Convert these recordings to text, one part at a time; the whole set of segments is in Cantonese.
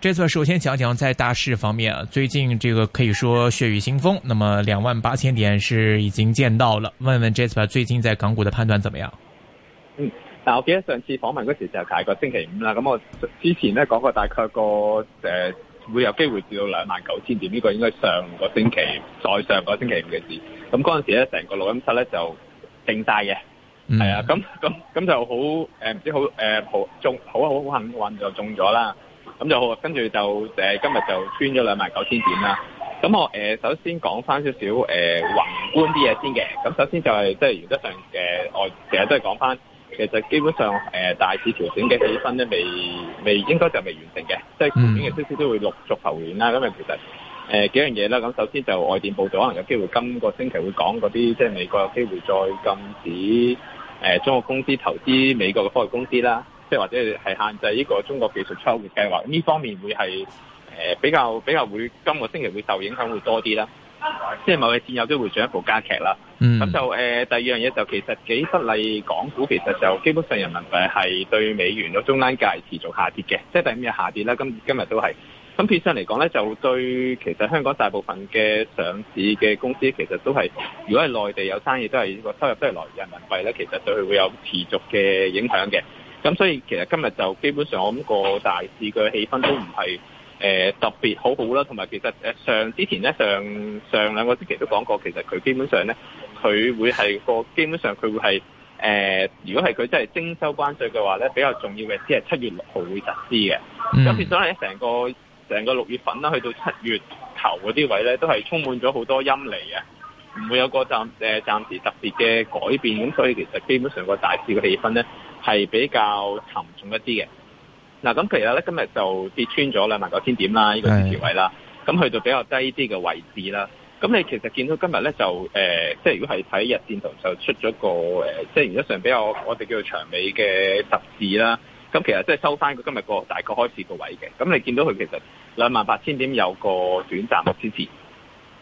這次首先講講在大市方面啊，最近這個可以說血雨腥風，那麼兩萬八千點是已經見到了。問問 Jasper 最近在港股的判斷怎麼樣？嗯，但我記得上次訪問嗰時候就係個星期五啦，咁我之前咧講過大概個誒、呃、會有機會跌到兩萬九千點，呢、這個應該上個星期再、嗯、上個星期五嘅事。咁嗰陣時咧，成個錄音室咧就靜晒嘅，係、嗯、啊，咁咁咁就好誒，唔、呃、知好誒好中好好好幸運就中咗啦。咁就好，跟住就、呃、今日就穿咗兩萬九千點啦。咁我、呃、首先講翻少少誒宏觀啲嘢先嘅。咁首先就係、是、即係原則上誒，我、呃、其實都係講翻，其實基本上誒、呃、大市調整嘅起身咧，未未應該就未完成嘅。即係後邊嘅消息都會陸續浮現啦。咁誒其實誒、呃、幾樣嘢啦。咁首先就外電報導可能有機會今個星期會講嗰啲，即係美國有機會再禁止、呃、中國公司投資美國嘅科技公司啦。即係或者係限制呢個中國技術出口嘅計劃，呢方面會係誒、呃、比較比較會今個星期會受影響會多啲啦。即係某嘅戰友都會進一步加劇啦。咁、嗯、就誒、呃、第二樣嘢就其實幾不利，港股其實就基本上人民幣係對美元個中間價持續下跌嘅，即係第五日下跌啦。今今日都係咁，變相嚟講咧，就對其實香港大部分嘅上市嘅公司其實都係，如果係內地有生意，都係、這個收入都係來人民幣咧，其實對佢會有持續嘅影響嘅。咁所以其實今日就基本上，我諗個大市嘅氣氛都唔係誒特別好好啦。同埋其實誒上之前咧上上兩個星期都講過，其實佢基本上咧佢會係個基本上佢會係誒、呃，如果係佢真係徵收關稅嘅話咧，比較重要嘅只係七月六號會實施嘅。咁變咗咧，成個成個六月份啦，去到七月頭嗰啲位咧，都係充滿咗好多陰霾嘅，唔會有個暫誒暫時特別嘅改變。咁所以其實基本上個大市嘅氣氛咧。係比較沉重一啲嘅。嗱，咁其實咧今日就跌穿咗兩萬九千點啦，呢個支持位啦，咁的去到比較低啲嘅位置啦。咁你其實見到今日咧就、呃、即係如果係睇日線圖就出咗個、呃、即係原則上比較我哋叫做長尾嘅十字啦。咁其實即係收翻佢今日個大概開始個位嘅。咁你見到佢其實兩萬八千點有個短暫嘅支持。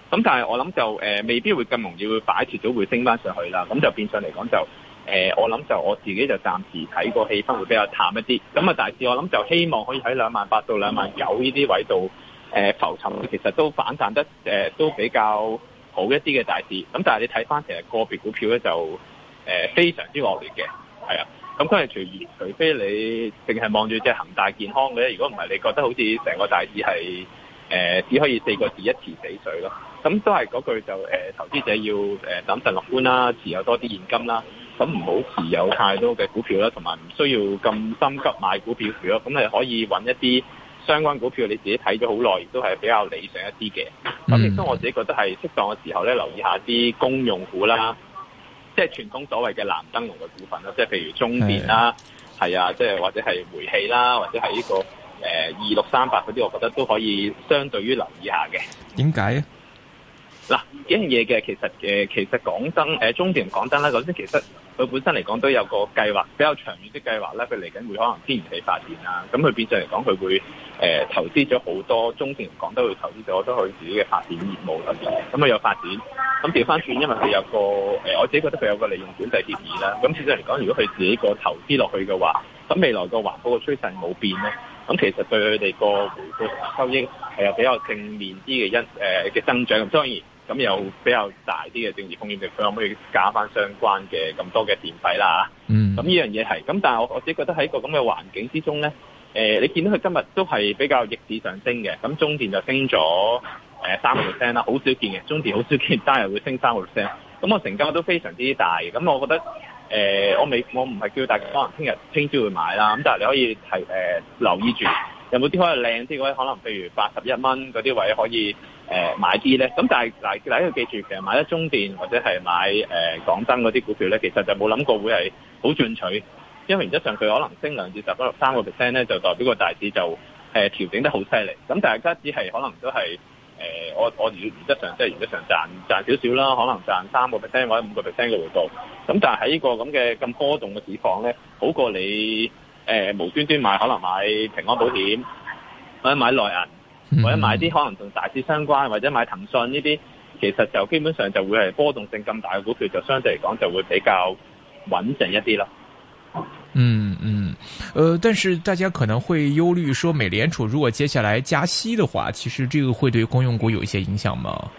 咁但係我諗就、呃、未必會咁容易會擺脫到會升翻上去啦。咁就變相嚟講就。呃、我諗就我自己就暫時睇個氣氛會比較淡一啲。咁啊，大市我諗就希望可以喺兩萬八到兩萬九呢啲位度、呃、浮沉。其實都反彈得、呃、都比較好一啲嘅大市咁、嗯、但係你睇翻其實個別股票咧就、呃、非常之惡劣嘅，係啊。咁當然除除非你淨係望住隻恒大健康嘅，如果唔係你覺得好似成個大市係、呃、只可以四個字一池死水咯。咁、嗯、都係嗰句就、呃、投資者要諗謹慎樂觀啦，持有多啲現金啦。咁唔好持有太多嘅股票啦，同埋唔需要咁心急買股票住咯。咁你可以揾一啲相關股票，你自己睇咗好耐，亦都係比較理想一啲嘅。咁亦、嗯、都我自己覺得係適當嘅時候咧，留意下啲公用股啦，即係傳統所謂嘅藍燈籠嘅股份啦，即係譬如中電啦，係啊是的，即係或者係煤氣啦，或者係呢個誒二六三八嗰啲，我覺得都可以相對於留意下嘅。點解？嗱，呢樣嘢嘅其實誒，其實講真誒中電廣真講真啦，首先其實佢本身嚟講都有個計劃，比較長遠啲計劃咧，佢嚟緊會可能天然氣發電啊。咁佢變相嚟講，佢會誒、呃、投資咗好多中電講都會投資咗好多佢自己嘅發展業務啦。咁佢有發展，咁調翻轉，因為佢有個誒，我自己覺得佢有個利用管制協議啦。咁事實嚟講，如果佢自己個投資落去嘅話，咁未來個環保嘅趨勢冇變咧，咁其實對佢哋個回報收益係有比較正面啲嘅一誒嘅增長。咁當然。咁有比較大啲嘅政治風險，佢可唔可以減翻相關嘅咁多嘅電費啦？嗯，咁呢樣嘢係，咁但係我我自己覺得喺個咁嘅環境之中咧、呃，你見到佢今日都係比較逆市上升嘅，咁中電就升咗三個 percent 啦，好少見嘅，中電好少見，單日會升三個 percent，咁我成交都非常之大，咁我覺得、呃、我未我唔係叫大家可能聽日、聽朝會買啦，咁但係你可以提、呃、留意住，有冇啲可能靚啲嗰位，可能譬如八十一蚊嗰啲位可以。誒、呃、買啲咧，咁但係嗱，大家要記住，其實買得中電或者係買、呃、港燈嗰啲股票咧，其實就冇諗過會係好進取，因為原則上佢可能升兩至三個 percent 咧，就代表個大市就、呃、調整得好犀利。咁大家只係可能都係誒、呃，我我原則上即係原則上賺賺少少啦，可能賺三個 percent 或者五個 percent 嘅回報。咁但係喺呢個咁嘅咁波動嘅市況咧，好過你誒、呃、無端端買，可能買平安保險，或者買內銀。或者買啲可能同大市相關，或者買騰訊呢啲，其實就基本上就會係波動性咁大嘅股票，就相對嚟講就會比較穩陣一啲咯。嗯嗯，呃，但是大家可能會憂慮說，美聯儲如果接下來加息嘅話，其實這個會對公用股有一些影響嗎？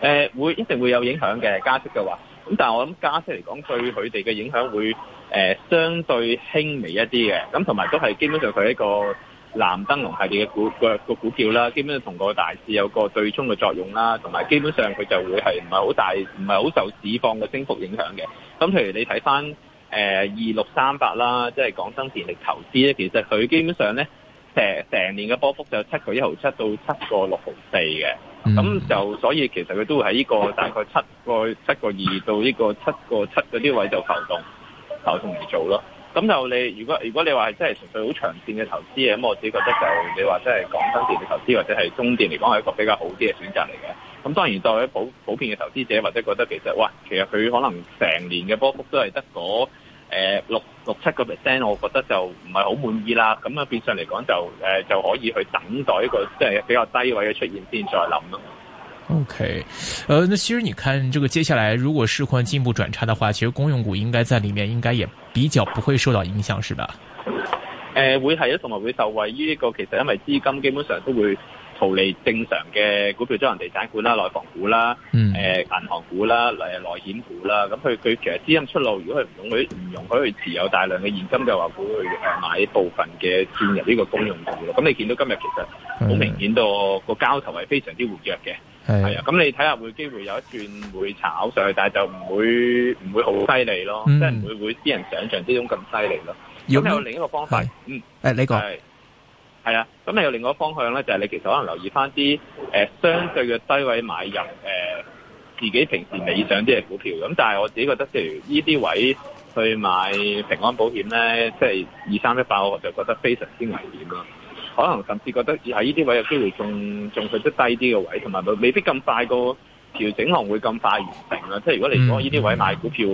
誒、呃，會一定會有影響嘅，加息嘅話。咁但係我諗加息嚟講，對佢哋嘅影響會誒、呃、相對輕微一啲嘅。咁同埋都係基本上佢一個。藍燈籠系列嘅股個個股票啦，基本上同個大市有個對沖嘅作用啦，同埋基本上佢就會係唔係好大，唔係好受市況嘅升幅影響嘅。咁譬如你睇翻誒二六三八啦，即係港燈電力投資咧，其實佢基本上咧成成年嘅波幅就七個一毫七到七個六毫四嘅。咁、mm hmm. 就所以其實佢都會喺呢個大概七個七個二到呢個七個七嗰啲位就浮動浮動嚟做咯。咁就你如果如果你話係真係純粹好長線嘅投資嘅，咁我自己覺得就你話真係港燈嘅投資或者係中電嚟講係一個比較好啲嘅選擇嚟嘅。咁當然作為普普遍嘅投資者，或者覺得其實哇，其實佢可能成年嘅波幅都係得嗰六六七個 percent，我覺得就唔係好滿意啦。咁啊變相嚟講就就可以去等待一個即係比較低位嘅出現先再諗咯。O.K.，呃，那其實你看，這個接下來如果市況進一步轉差的話，其實公用股應該在裏面應該也比較不會受到影響，是吧？誒、呃，會係啊，同埋會受惠於、這、呢個，其實因為資金基本上都會逃離正常嘅股票、中人地產股啦、內房股啦、誒銀、嗯呃、行股啦、誒內險股啦，咁佢佢其實資金出路，如果佢唔用佢唔用佢去持有大量嘅現金嘅話，佢會誒買部分嘅轉入呢個公用股咯。咁你見到今日其實好明顯到個交投係非常之活躍嘅。係，係啊，咁你睇下會機會有一段會炒上去，但係就唔會唔會好犀利咯，嗯、即係唔會會啲人想象之中咁犀利咯。咁有，有，有另一個方向，的嗯，誒呢個係，係啊，咁你有另一個方向咧，就係你其實可能留意翻啲誒相對嘅低位買入，誒、呃、自己平時理想啲嘅股票，咁但係我自己覺得，譬如呢啲位去買平安保險咧，即係二三一八，我就覺得非常之危險咯。可能甚至覺得喺呢啲位有機會仲仲去得低啲嘅位，同埋未必咁快個調整行會咁快完成啦。即係如果你講呢啲位買、嗯、股票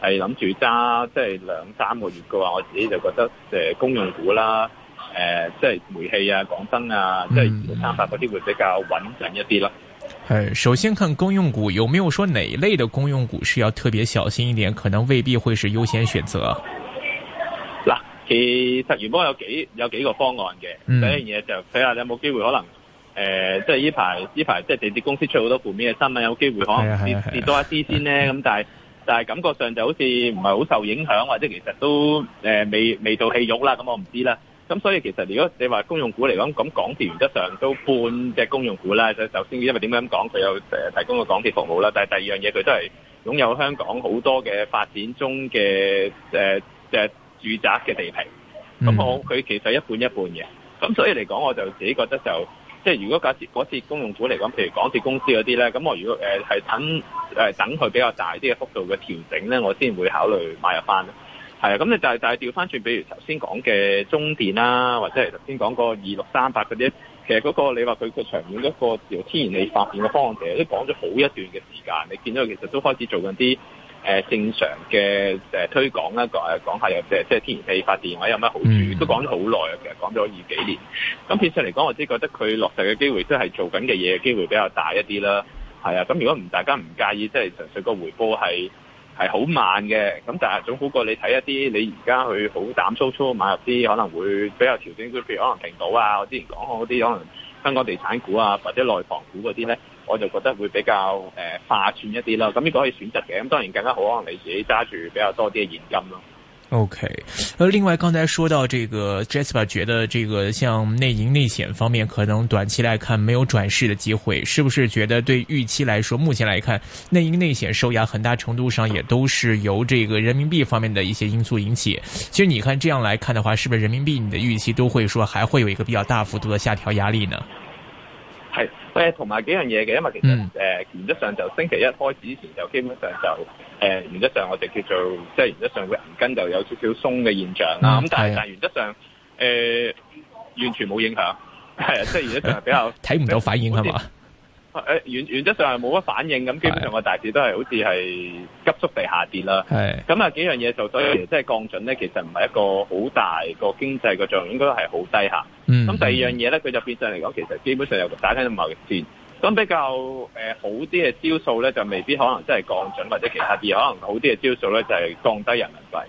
係諗住揸，即係兩三個月嘅話，我自己就覺得誒、呃、公用股啦，誒、呃、即係煤氣啊、港燈啊，嗯、即係三百嗰啲會比較穩陣一啲咯。誒，首先看公用股，有冇有說哪一類嘅公用股是要特別小心一點，可能未必會是優先選擇。其實原本有幾有幾個方案嘅，第一樣嘢就睇下你有冇機會可能誒，即係呢排呢排即係地鐵公司出好多負面嘅新聞，有冇機會可能跌跌多一啲先咧？咁但係但係感覺上就好似唔係好受影響，或者其實都誒未未到戲肉啦。咁我唔知啦。咁所以其實如果你話公用股嚟講，咁港鐵原則上都半隻公用股啦。就首先因為點樣講，佢有誒提供個港鐵服務啦。但係第二樣嘢佢都係擁有香港好多嘅發展中嘅誒嘅，住宅嘅地皮，咁、嗯、我佢其實一半一半嘅，咁所以嚟講我就自己覺得就即係如果假設嗰次公用股嚟講，譬如港鐵公司嗰啲咧，咁我如果誒係、呃、等、呃、等佢比較大啲嘅幅度嘅調整咧，我先會考慮買入翻。係啊，咁你就係就係調翻轉，比如頭先講嘅中電啦、啊，或者係頭先講個二六三八嗰啲，其實嗰、嗰個你話佢個長遠一個由天然氣發電嘅方案，其實都講咗好一段嘅時間，你見到佢其實都開始做緊啲。誒正常嘅誒推廣啦，個誒講下又即係即係天然氣發電，或者有乜好處，都講咗好耐啊，其實講咗二幾年。咁變相嚟講，我只覺得佢落實嘅機會，都係做緊嘅嘢嘅機會比較大一啲啦。係啊，咁如果唔大家唔介意，即係純粹個回報係係好慢嘅，咁但係總好過你睇一啲你而家去好膽粗粗買入啲可能會比較調整譬如可能平到啊。我之前講過嗰啲可能香港地產股啊，或者內房股嗰啲咧，我就覺得會比較呃，化算一啲啦，咁呢個可以選擇嘅。咁當然更加好，可能你自己揸住比較多啲嘅現金咯。OK。呃，另外剛才說到這個，Jasper 覺得這個像內銀內險方面，可能短期來看沒有轉勢的機會，是不是覺得對預期來說，目前來看內銀內險收壓很大程度上也都是由這個人民幣方面的一些因素引起。其實你看這樣來看的話，是不是人民幣你的預期都會說，還會有一個比較大幅度的下調壓力呢？係誒同埋幾樣嘢嘅，因為其實誒、嗯呃、原則上就星期一開始之前就基本上就誒、呃、原則上我哋叫做即係原則上嘅銀根就有少少鬆嘅現象啦，咁、嗯、但係是的 但係原則上誒、呃、完全冇影響，係即係原則上係比較睇唔 到反應係嘛？ 誒原原則上係冇乜反應，咁基本上個大市都係好似係急速地下跌啦。咁啊的幾樣嘢就所以即係降準咧，其實唔係一個好大的個經濟個作用，應該係好低下。咁、嗯嗯、第二樣嘢咧，佢就變相嚟講，其實基本上又打聽到貿易戰。咁比較誒好啲嘅招數咧，就未必可能真係降準或者其他啲可能好啲嘅招數咧，就係、是、降低人民幣，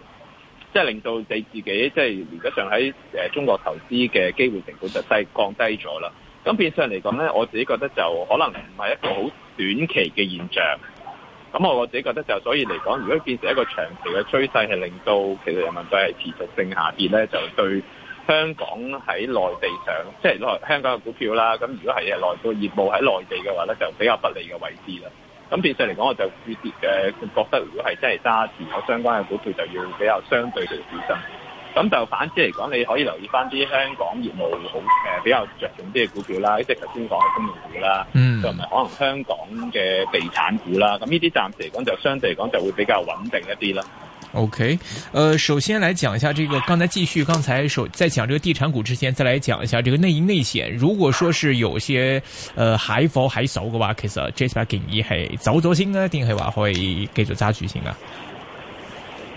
即、就、係、是、令到你自己即係原則上喺誒中國投資嘅機會成本就低降低咗啦。咁變相嚟講咧，我自己覺得就可能唔係一個好短期嘅現象。咁我我自己覺得就所以嚟講，如果變成一個長期嘅趨勢，係令到其實人民幣係持續性下跌咧，就對香港喺內地上，即係香港嘅股票啦。咁如果係內部業務喺內地嘅話咧，就比較不利嘅位置啦。咁變相嚟講，我就嘅覺得如果係真係揸持有相關嘅股票，就要比較相對嘅自身咁就反之嚟講，你可以留意返啲香港業務好誒，比較着重啲嘅股票啦，即係頭先講嘅金融股啦，就唔係可能香港嘅地產股啦。咁呢啲暫時嚟講，就相對嚟講就會比較穩定一啲啦。OK，誒、呃，首先來講一下這個，剛才繼續剛才，首在講這個地產股之前，再來講一下這個內銀內險。如果說是有些，誒、呃，海否海掃嘅話其實 s e 即係俾你，係早走先咧，定係話可以繼續揸住先啊？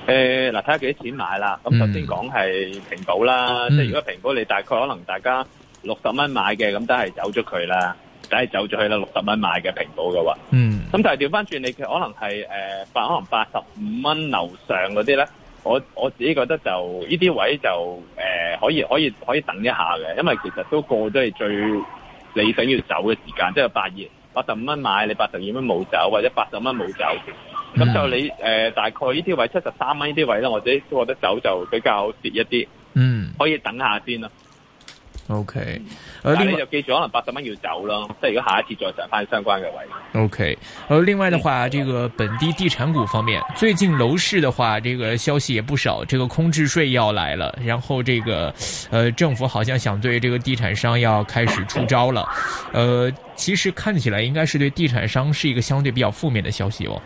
誒，嗱，睇下幾多錢買啦。咁頭先講係蘋果啦，即係如果蘋果你大概可能大家六十蚊買嘅，咁都係走咗佢啦，都係走咗去啦。六十蚊買嘅蘋果嘅話，咁、嗯、但係調翻轉，你其實可能係誒八可能八十五蚊樓上嗰啲咧，我我自己覺得就呢啲位就誒、呃、可以可以可以等一下嘅，因為其實都過咗係最你想要走嘅時間，即係八二八十五蚊買你八十二蚊冇走，或者八十蚊冇走。咁、嗯、就你誒、呃，大概呢啲位七十三蚊呢啲位啦，或者我覺得走就比較跌一啲，嗯，可以等下先啦。O K，呢你就記住，可能八十蚊要走咯，即係如果下一次再上返相關嘅位。O K，呃，另外的話，這個本地地產股方面，最近樓市的話，這個消息也不少，這個空置稅要來了，然後這個，呃，政府好像想對這個地產商要開始出招了，呃，其實看起來應該是對地產商是一個相對比較負面的消息哦。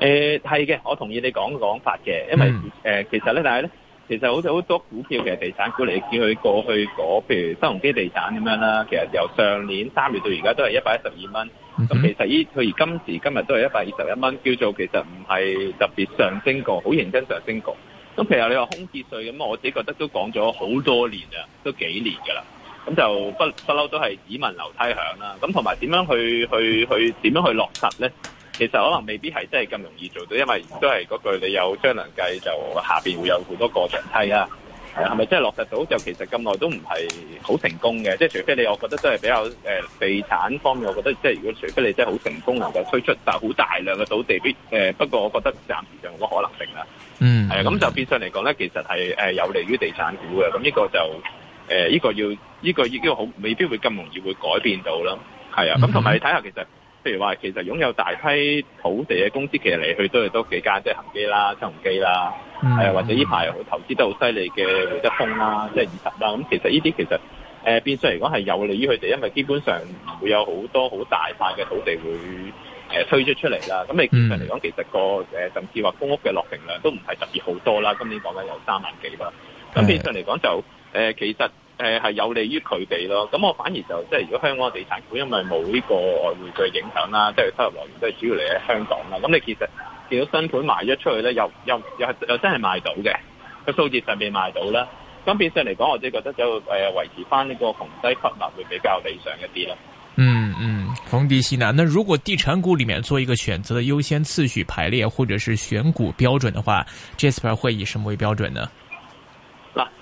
誒，係嘅、呃，我同意你講講法嘅，因為誒、呃，其實咧，但係咧，其實好似好多股票其實地產股嚟，見佢過去嗰、那個、譬如新鴻基地產咁樣啦，其實由上年三月到而家都係一百一十二蚊，咁、嗯、哼其實依佢而今時今日都係一百二十一蚊，叫做其實唔係特別上升過，好認真上升過。咁其實你話空置稅咁我自己覺得都講咗好多年啦，都幾年噶啦，咁就不不嬲都係只聞樓梯響啦，咁同埋點樣去去去點樣去落實咧？其實可能未必係真係咁容易做到，因為都係嗰句，你有張良計就下邊會有好多過牆梯啦。係咪真係落實到就其實咁耐都唔係好成功嘅？即係除非你，我覺得都係比較誒地產方面，我覺得即係如果除非你真係好成功能夠推出，但係好大量嘅土地，誒不過我覺得暫時就冇乜可能性啦。嗯，係啊，咁就變相嚟講咧，其實係誒有利於地產股嘅。咁呢個就誒呢個要呢個呢個好未必會咁容易會改變到囉。係啊，咁同埋你睇下，其實。譬如話，其實擁有大批土地嘅公司，其實嚟去都係多幾間，即係恒基啦、新鴻基啦，係、mm. 或者呢排投資得好犀利嘅會德豐啦、即係二十啦。咁其實呢啲其實誒、呃、變相嚟講係有利於佢哋，因為基本上唔會有好多好大塊嘅土地會誒、呃、推出出嚟啦。咁你變相嚟講，mm. 其實個誒、呃、甚至話公屋嘅落成量都唔係特別好多啦。今年講緊有三萬幾啦。咁變相嚟講就誒、mm. 呃、其實。誒，係有利於佢哋咯。咁我反而就即係，如果香港嘅地產股，因為冇呢個外匯嘅影響啦，即係收入來源都係主要嚟喺香港啦。咁你其實見到新盤賣咗出去咧，又又又係又真係賣到嘅，個數字上邊賣到啦。咁變相嚟講，我自己覺得就誒維、呃、持翻呢個逢低吸納會比較理想一啲咯、嗯。嗯嗯，逢低吸納。那如果地產股裡面做一個選擇嘅優先次序排列，或者是選股標準的話，Jasper 會以什麼為標準呢？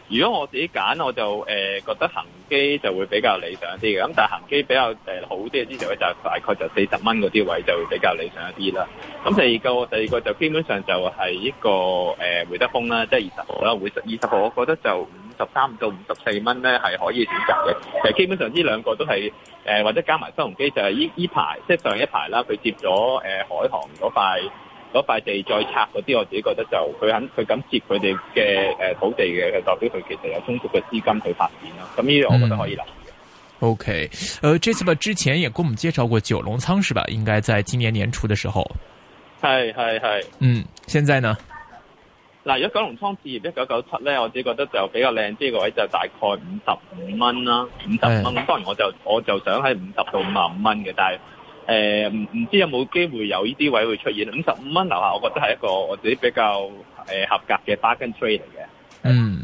如果我自己揀，我就誒覺得恆基就會比較理想啲嘅，咁但係恆基比較誒好啲嘅，之前咧就大概就四十蚊嗰啲位就會比較理想一啲啦。咁第二個，第二個就基本上就係一個誒會德豐啦，即係二十號啦，會德二十號，我覺得就五十三到五十四蚊咧係可以選擇嘅。其實基本上呢兩個都係誒或者加埋新鴻基，就係依依排即係上一排啦，佢接咗誒海航嗰塊。嗰塊地再拆嗰啲，我自己覺得就佢肯佢敢接佢哋嘅誒土地嘅，代表佢其實有充足嘅資金去發展咯。咁呢啲我覺得可以啦、嗯。OK，誒、呃、，Jasper 之前也跟我們介紹過九龍倉，是吧？應該在今年年初嘅時候。係係係。嗯，現在呢？嗱，如果九龍倉置業一九九七咧，我自己覺得就比較靚啲嘅位，就大概五十五蚊啦，五十蚊。是當然我，我就我就想喺五十到五十五蚊嘅，但係。誒，唔唔知有冇機會有呢啲位會出現？五十五蚊樓下，我覺得係一個我自己比較誒合格嘅 bargain trade 嚟嘅。嗯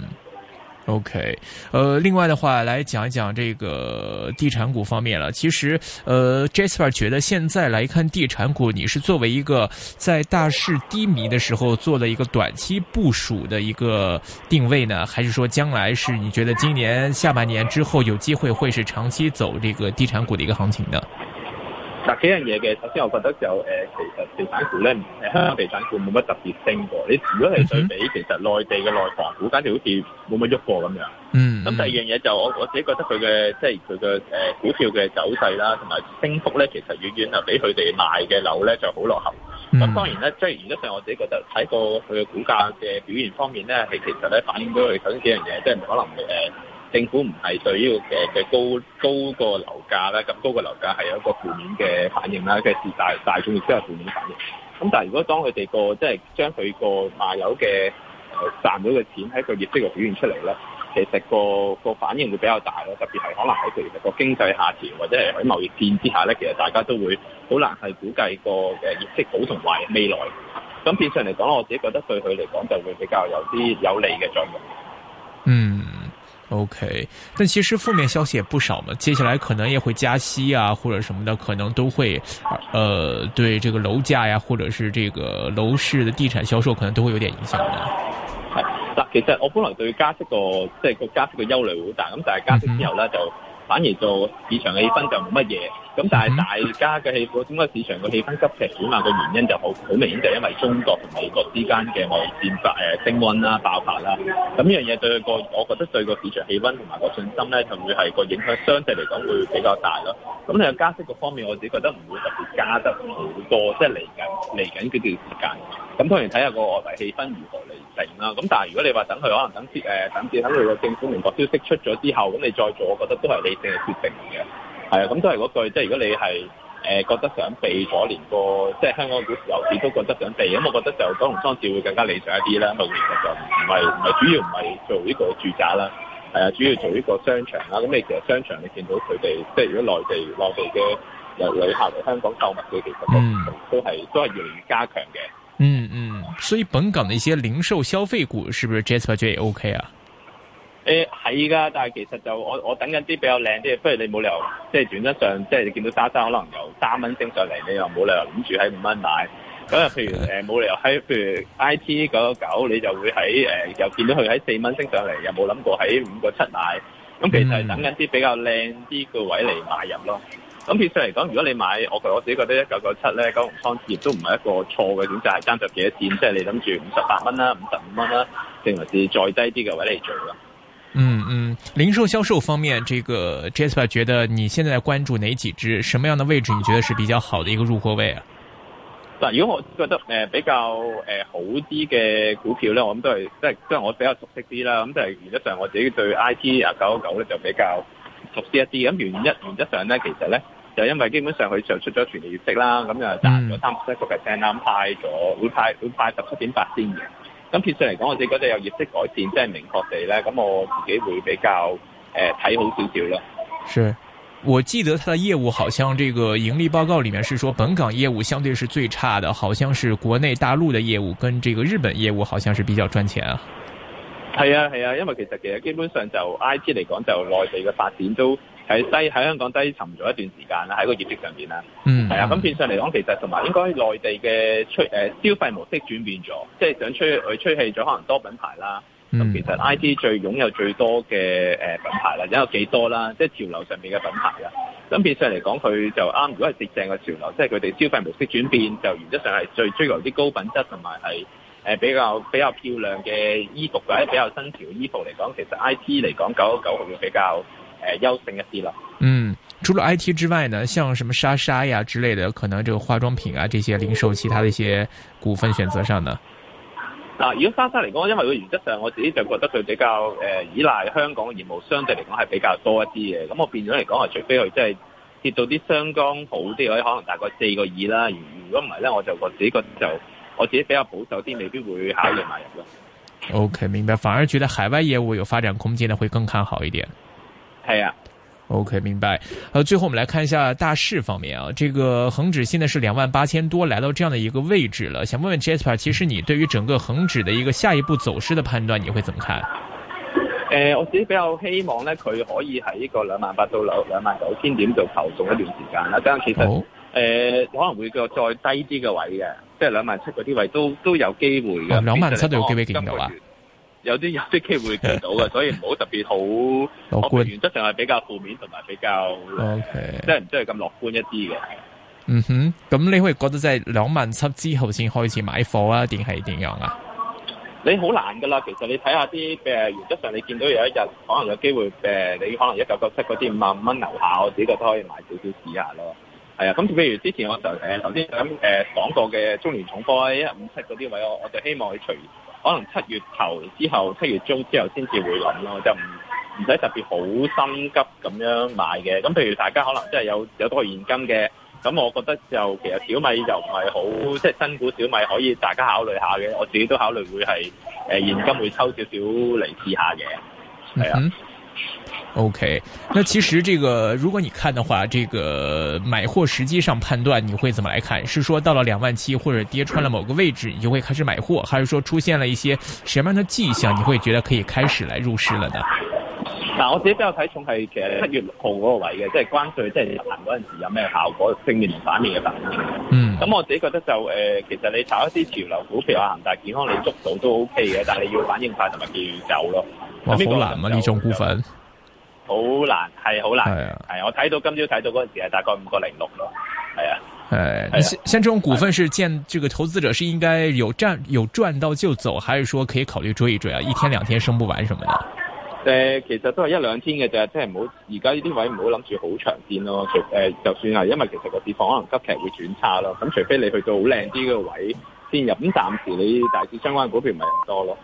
，OK，呃另外的話，來講一講這個地產股方面啦。其實，呃 Jasper 覺得現在來看地產股，你是作為一個在大市低迷的時候做了一個短期部署的一個定位呢，還是說將來是你覺得今年下半年之後有機會會是長期走這個地產股的一個行情呢？嗱幾樣嘢嘅，首先我覺得就誒，其實地產股咧，誒香港地產股冇乜特別升過。你如果係對比，其實內地嘅內房股，簡直好似冇乜喐過咁樣。嗯。咁第二樣嘢就我我自己覺得佢嘅即係佢嘅誒股票嘅走勢啦，同埋升幅咧，其實遠遠係比佢哋賣嘅樓咧就好落後。咁當然咧，即係而家上我自己覺得睇過佢嘅股價嘅表現方面咧，係其實咧反映到佢首先幾樣嘢，即係唔可能誒。政府唔係對呢個嘅嘅高高個樓價咧，咁高個樓價係有一個負面嘅反應啦，嘅市大大眾亦都係負面反應。咁但係如果當佢哋個即係將佢個賣樓嘅、呃、賺到嘅錢喺個業績度表現出嚟咧，其實、那個個反應會比較大咯。特別係可能喺佢其實個經濟下調或者係喺貿易戰之下咧，其實大家都會好難係估計個嘅業績好同壞未來。咁變相嚟講，我自己覺得對佢嚟講就會比較有啲有利嘅作用。嗯。OK，但其實負面消息也不少嘛，接下來可能也會加息啊，或者什麼的，可能都會，呃，對這個樓價呀，或者是這個樓市的地產銷售，可能都會有點影響的。其實我本來對加息個，即係個加息嘅憂慮好大，咁但係加息之後呢，就。反而做市場嘅氣氛就冇乜嘢，咁但係大家嘅氣氛，點解市場嘅氣氛急劇轉化嘅原因就好好明顯，就係因為中國同美國之間嘅貿易戰紛誒、啊、升溫啦、啊、爆發啦、啊，咁呢樣嘢對、個我覺得對個市場氣氛同埋個信心咧就會係個影響相對嚟講會比較大咯。咁你嘅加息嗰方面，我自己覺得唔會特別加得好多，即係嚟緊嚟緊嗰段時間。咁當然睇下個外圍氣氛如何嚟定啦。咁但係如果你話等佢可能等啲等啲等佢個政府明確消息出咗之後，咁你再做，我覺得都係理性嘅決定嘅。係啊，咁都係嗰句，即係如果你係覺得想避咗連個即係香港股市樓市都覺得想避，咁我覺得就九龍倉會更加理想一啲啦。佢其實就唔係唔係主要唔係做呢個住宅啦，係啊，主要做呢個商場啦。咁你其實商場你見到佢哋，即係如果內地內地嘅遊旅客嚟香港購物嘅，其實都都係都係越嚟越加強嘅。嗯嗯，所以本港嘅一些零售消費股，是不是 Jasper 覺得 OK 啊？誒，係家，但係其實就我我等緊啲比較靚啲，不如你冇理由即係原則上，即係你見到莎莎可能由三蚊升上嚟，你又冇理由諗住喺五蚊買。咁啊，呃嗯，譬如誒冇理由喺譬如 I T 九九九，你就會喺誒、呃、又見到佢喺四蚊升上嚟，又冇諗過喺五個七買。咁其實係等緊啲比較靚啲嘅位嚟買入咯。咁其實嚟講，如果你買我，我自己覺得一九九七咧，九龍倉亦都唔係一個錯嘅選擇，係爭執幾多錢，即係你諗住五十八蚊啦，五十五蚊啦，定還是再低啲嘅位嚟做啦。嗯嗯，零售銷售方面，這個 Jasper 覺得你現在關注哪幾支？什麼樣的位置，你覺得是比較好的一個入貨位啊？嗱、嗯，嗯售售這個、如果我覺得誒、呃、比較誒、呃、好啲嘅股票咧，我諗都係即係即係我比較熟悉啲啦。咁即係原則上，我自己對 I T 啊九九九咧就比較熟悉一啲。咁原一原則上咧，其實咧。就因為基本上佢就出咗全年業績啦，咁又賺咗三十七個 percent，啦，派咗會派會派十七點八仙嘅。咁其實嚟講，我自己覺得有業績改善，即係明確地咧，咁我自己會比較誒睇好少少咯。是我記得他的業務好像這個盈利報告裡面是說，本港業務相對是最差的，好像是國內大陸的業務跟這個日本業務好像是比較賺錢啊。係、嗯、啊係啊，因為其實其實基本上就 IT 嚟講，就內地嘅發展都。係低喺香港低沉咗一段時間啦，喺個業績上邊啦，係、mm hmm. 啊，咁變相嚟講，其實同埋應該喺內地嘅吹誒消費模式轉變咗，即係想吹佢吹氣咗，可能多品牌啦。咁、mm hmm. 其實 I T 最擁有最多嘅誒、呃、品牌啦，有幾多啦，即、就、係、是、潮流上面嘅品牌啦。咁變相嚟講，佢就啱。如果係直正嘅潮流，即係佢哋消費模式轉變，就原則上係最追求啲高品質同埋係誒比較比較漂亮嘅衣服或者比較新潮嘅衣服嚟講，其實 I T 嚟講九九號會比較。誒，優勝一啲啦。嗯，除了 IT 之外呢，像什麼莎莎呀之類的，可能這個化妝品啊，這些零售其他的一些股份選擇上呢？嗱，如果莎莎嚟講，因為佢原則上我自己就覺得佢比較誒依賴香港嘅業務，相對嚟講係比較多一啲嘅。咁我變咗嚟講，係除非佢真係跌到啲相當好啲，可能大概四個二啦。如如果唔係咧，我就我自己覺得就我自己比較保守啲，未必會考慮買入咯。OK，明白。反而覺得海外業務有發展空間咧，會更看好一點。係啊，OK 明白。呃，最後我們來看一下大市方面啊，這個恒指現在是兩萬八千多，來到這樣的一個位置了。想問問 Jasper，其實你對於整個恒指的一個下一步走勢的判斷，你會怎麼看？誒、呃，我自己比較希望呢佢可以喺呢個兩萬八到兩兩萬九千點做投重一段時間啦。但係其實誒，哦呃、可能會個再低啲嘅位嘅，即係兩萬七嗰啲位都都有機會嘅。兩兩萬七都有機會見到啊？有啲有啲機會見到嘅，所以唔好特別好。 樂觀。原則上係比較負面同埋比較即係唔真係咁樂觀一啲嘅。嗯哼，咁你可以覺得即係兩萬七之後先開始買貨啊？定係點樣啊？你好難㗎啦，其實你睇下啲、呃、原則上你見到有一日可能有機會、呃、你可能一九九七嗰啲五萬蚊樓下，我自己覺得可以買少少試下咯。係啊，咁、嗯、譬如之前我就頭先想講過嘅中聯重科一五七嗰啲位，我我就希望佢隨。可能七月頭之後、七月中之後先至會諗咯，就唔唔使特別好心急咁樣買嘅。咁譬如大家可能真係有有嗰個現金嘅，咁我覺得就其實小米又唔係好即係新股，小米可以大家考慮下嘅。我自己都考慮會係誒現金會抽少少嚟試下嘅，係啊。O、okay, K，那其實這個如果你看的話，這個買貨實際上判斷你會怎麼來看？是說到了兩萬七或者跌穿了某個位置，你就會開始買貨，還是說出現了一些什麼樣的跡象，你會覺得可以開始來入市了呢？嗱、嗯，我自己比較睇重係七月六號嗰個位嘅，即係關稅即係你行嗰陣時有咩效果，正面定反面嘅反應。嗯，咁我自己覺得就誒、呃，其實你炒一啲潮流股譬如話恒大健康你捉到都 O K 嘅，但係你要反應快同埋見走咯。我哇好難嘛、啊，呢種股份。好難，係好難嘅，係、啊、我睇到今朝睇到嗰陣時係大概五個零六咯，係啊，係、啊。誒、啊，你先，這種股份是建，這個投資者是應該有賺有賺到就走，是啊、還是說可以考慮追一追啊？一天兩天升不完什麼的。誒、呃，其實都係一兩天嘅啫，即係唔好而家呢啲位唔好諗住好長線咯。誒、呃，就算係因為其實個市況可能急劇會轉差咯。咁除非你去到好靚啲嘅位先入，咁暫時你大致相關股票唔係咁多咯。